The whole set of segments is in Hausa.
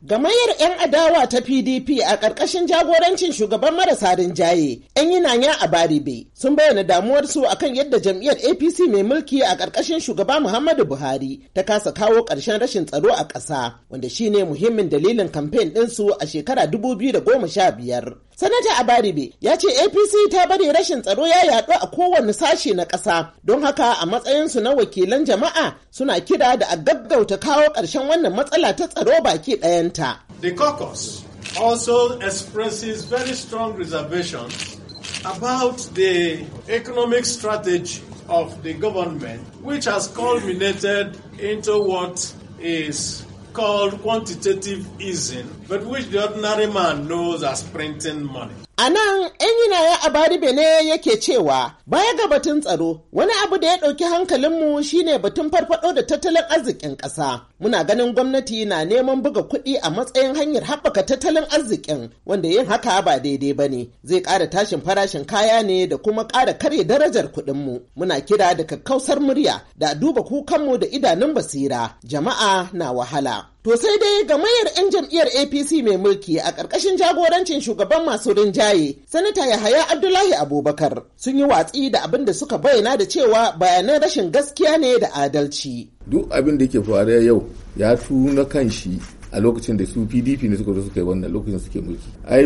Gamayyar 'yan adawa ta PDP a ƙarƙashin jagorancin shugaban marasa rinjaye, 'yan yinanya a Baribe, sun bayyana damuwarsu akan yadda jam'iyyar APC mai mulki a ƙarƙashin shugaba Muhammadu Buhari ta kasa kawo ƙarshen rashin tsaro a ƙasa, wanda shi ne muhimmin dalilin kamfen ɗinsu a shekara 2015. Sanata a Baribe ya ce APC ta bari rashin tsaro ya yaɗu a kowane sashe na ƙasa, don haka a matsayinsu na wakilan jama'a suna kira da a gaggauta kawo ƙarshen wannan matsala ta tsaro baki ɗayan The caucus also expresses very strong reservations about the economic strategy of the government, which has culminated into what is called quantitative easing, but which the ordinary man knows as printing money. A nan, 'yan yinaya ya bari bene yake cewa baya ga batun tsaro wani abu da ya ɗauki hankalinmu shine batun farfaɗo da tattalin arzikin ƙasa. Muna ganin gwamnati na neman buga kuɗi a matsayin hanyar haɓaka tattalin arzikin wanda yin haka ba daidai ba ne. Zai ƙara tashin farashin kaya ne da kuma ƙara karya darajar kuɗinmu. Muna kira da kakkausar murya da duba kukanmu da idanun basira. Jama'a na wahala. To sai dai gamayyar 'yan jam'iyyar APC mai mulki a ƙarƙashin jagorancin shugaban masu rinjaye, Sanata Yahaya Abdullahi Abubakar sun yi watsi da abin da suka bayyana da cewa bayanan rashin gaskiya ne da adalci. Duk abin da ke faruwa yau ya tuna kan shi a lokacin da su pdp ne suka zo suka yi wannan lokacin suke mulki ai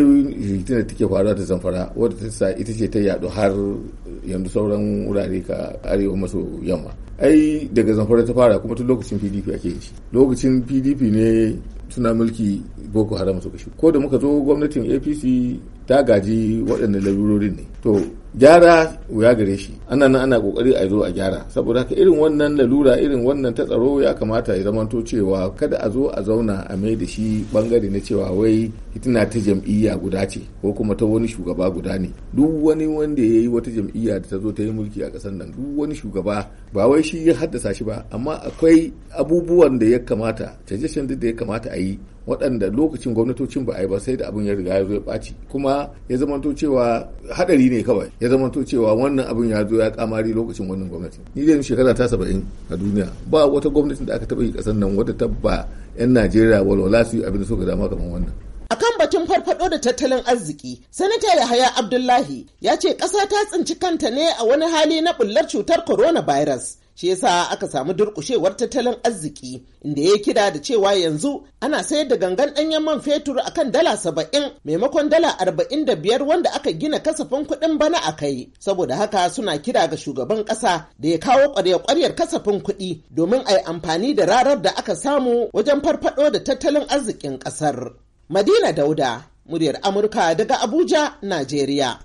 da take faruwa da zamfara wadda ta sa ita ce ta yaɗu har yanzu sauran wurare ka arewa maso yamma ai daga zamfara ta fara kuma tun lokacin pdp ake yi lokacin pdp ne suna mulki boko haram suka shi ko da muka zo gwamnatin apc ta gaji waɗannan lalurorin ne to gyara wuya gare shi ana nan ana kokari a zo a gyara saboda haka irin wannan lalura irin wannan ta tsaro ya kamata ya zamanto cewa kada a zo a zauna a mai da shi bangare na cewa wai hitina ta jam'iyya guda ce ko kuma ta wani shugaba guda ne duk wani wanda ya yi wata jam'iyya da ta zo ta yi mulki a ƙasar nan duk wani shugaba ba wai shi ya haddasa shi ba amma akwai abubuwan da ya kamata canje da ya kamata a yi waɗanda lokacin gwamnatocin ba a yi ba sai da abin ya riga ya zo ya ɓaci kuma ya ya to cewa hadari ne kawai ya to cewa wannan abin ya zo ya kamari lokacin wannan gwamnati ni dai shekara ta saba'in a duniya ba wata gwamnati da aka taba yi ƙasar nan wata tabba 'yan najeriya walwala su abin da suka dama kamar wannan akan kan batun farfado da tattalin arziki, Sanata Yahaya Abdullahi ya ce ƙasa ta tsinci kanta ne a wani hali na bullar cutar coronavirus shi yasa aka samu durkushewar tattalin arziki inda ya kira da cewa yanzu ana sayar da gangan ɗanyen man fetur a kan dala saba'in maimakon dala arba'in da biyar wanda aka gina kasafin kuɗin bana a kai saboda haka suna kira ga shugaban ƙasa da ya kawo ƙwarya-ƙwaryar kasafin kuɗi domin a yi amfani da rarar da aka samu wajen farfaɗo da tattalin arzikin ƙasar. Madina Dauda, muryar Amurka daga Abuja, Najeriya.